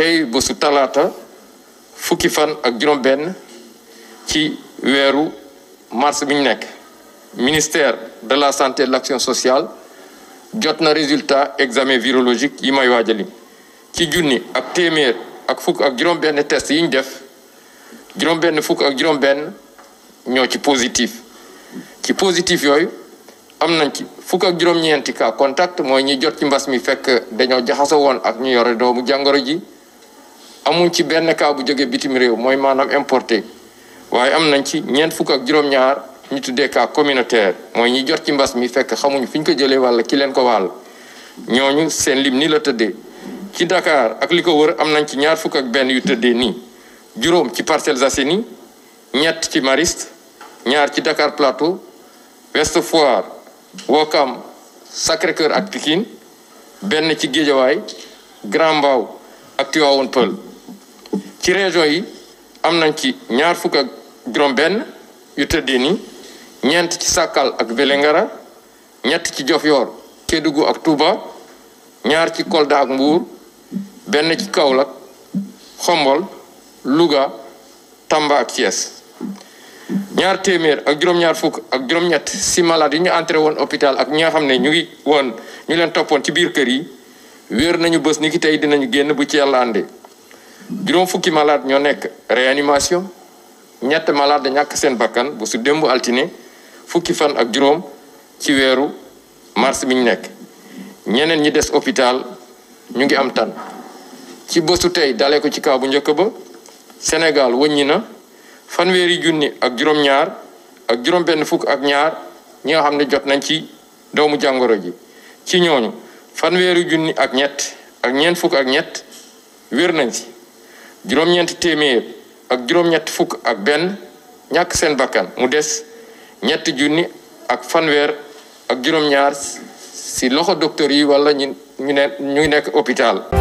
tey bésu talaata fukki fan ak juróom-benn ci weeru mars bi ñu nekk ministère de la santé et de l'action sociale jot na résultat examen virologique yi may waajali ci junni ak téeméer ak fukk ak juróom-benn test yi ñu def juróom-benn fukk ak juróom-benn ñoo ci positif ci positif yooyu am nañ ci fukk ak juróom-ñeenti cas contact mooy ñi jot ci mbas mi fekk dañoo jaxaso woon ak ñu yore doomu jàngoro ji amuñ ci benn cas bu jógee bitim réew mooy maanaam importé waaye am nañ ci ñeent fukk ak juróom-ñaar ñu tuddee cas communautaire mooy ñi jot ci mbas mi fekk xamuñ fi ñu ko jëlee walla ki leen ko wàll ñooñu seen lim ni la tëddee ci dakaar ak li ko wër am nañ ci ñaar fukk ak benn yu tëddee nii juróom ci Parcelles Assainies ñett ci Mariste ñaar ci Dakar Plateau Ouest Foire Ouakam Sacré-Cœur ak Pikine benn ci géejawaay Grand Mbao ak Tivaouane Peulh ci région yi am nañ ci ñaar fukk ak juróom-benn yu tëddee ni ñeent ci Sakal ak Vélingara ñett ci Diofior Kédougou ak Touba ñaar ci Kolda ak Mbour benn ci Kaolack Xombol Louga Tamba ak Thiès ñaar téeméer ak juróom-ñaar fukk ak juróom-ñett si malade yi ñu entré woon hôpital ak ñi xam ne ñu ngi woon ñu leen toppoon ci biir kër yi wéer nañu bës ni ki tey dinañu génn bu ci yàlla àndee juróom fukki malade ñoo nekk réanimation ñett malade ñàkk seen bakkan bu su démb altine fukki fan ak juróom ci weeru mars bi ñu nekk ñeneen ñi des hôpital ñu ngi am tan ci bésu tey dalee ko ci kaw bu njëkk ba Sénégal wëññi na fanweeri junni ak juróom-ñaar ak juróom-benn fukk ak ñaar ñi nga xam ne jot nañ ci doomu jàngoro ji ci ñooñu fanweeri junni ak ñett ak ñeent fukk ak ñett wér nañ ci juróom-ñeenti téeméer ak juróom-ñetti fukk ak benn ñàkk seen bakkan mu des ñett junni ak fanweer ak juróom-ñaar ci loxo docteur yi wala ñu ñu ne ñu nekk hôpital